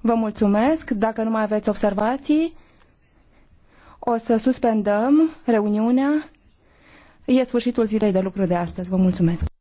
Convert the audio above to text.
Vă mulțumesc. Dacă nu mai aveți observații, o să suspendăm reuniunea. E sfârșitul zilei de lucru de astăzi. Vă mulțumesc.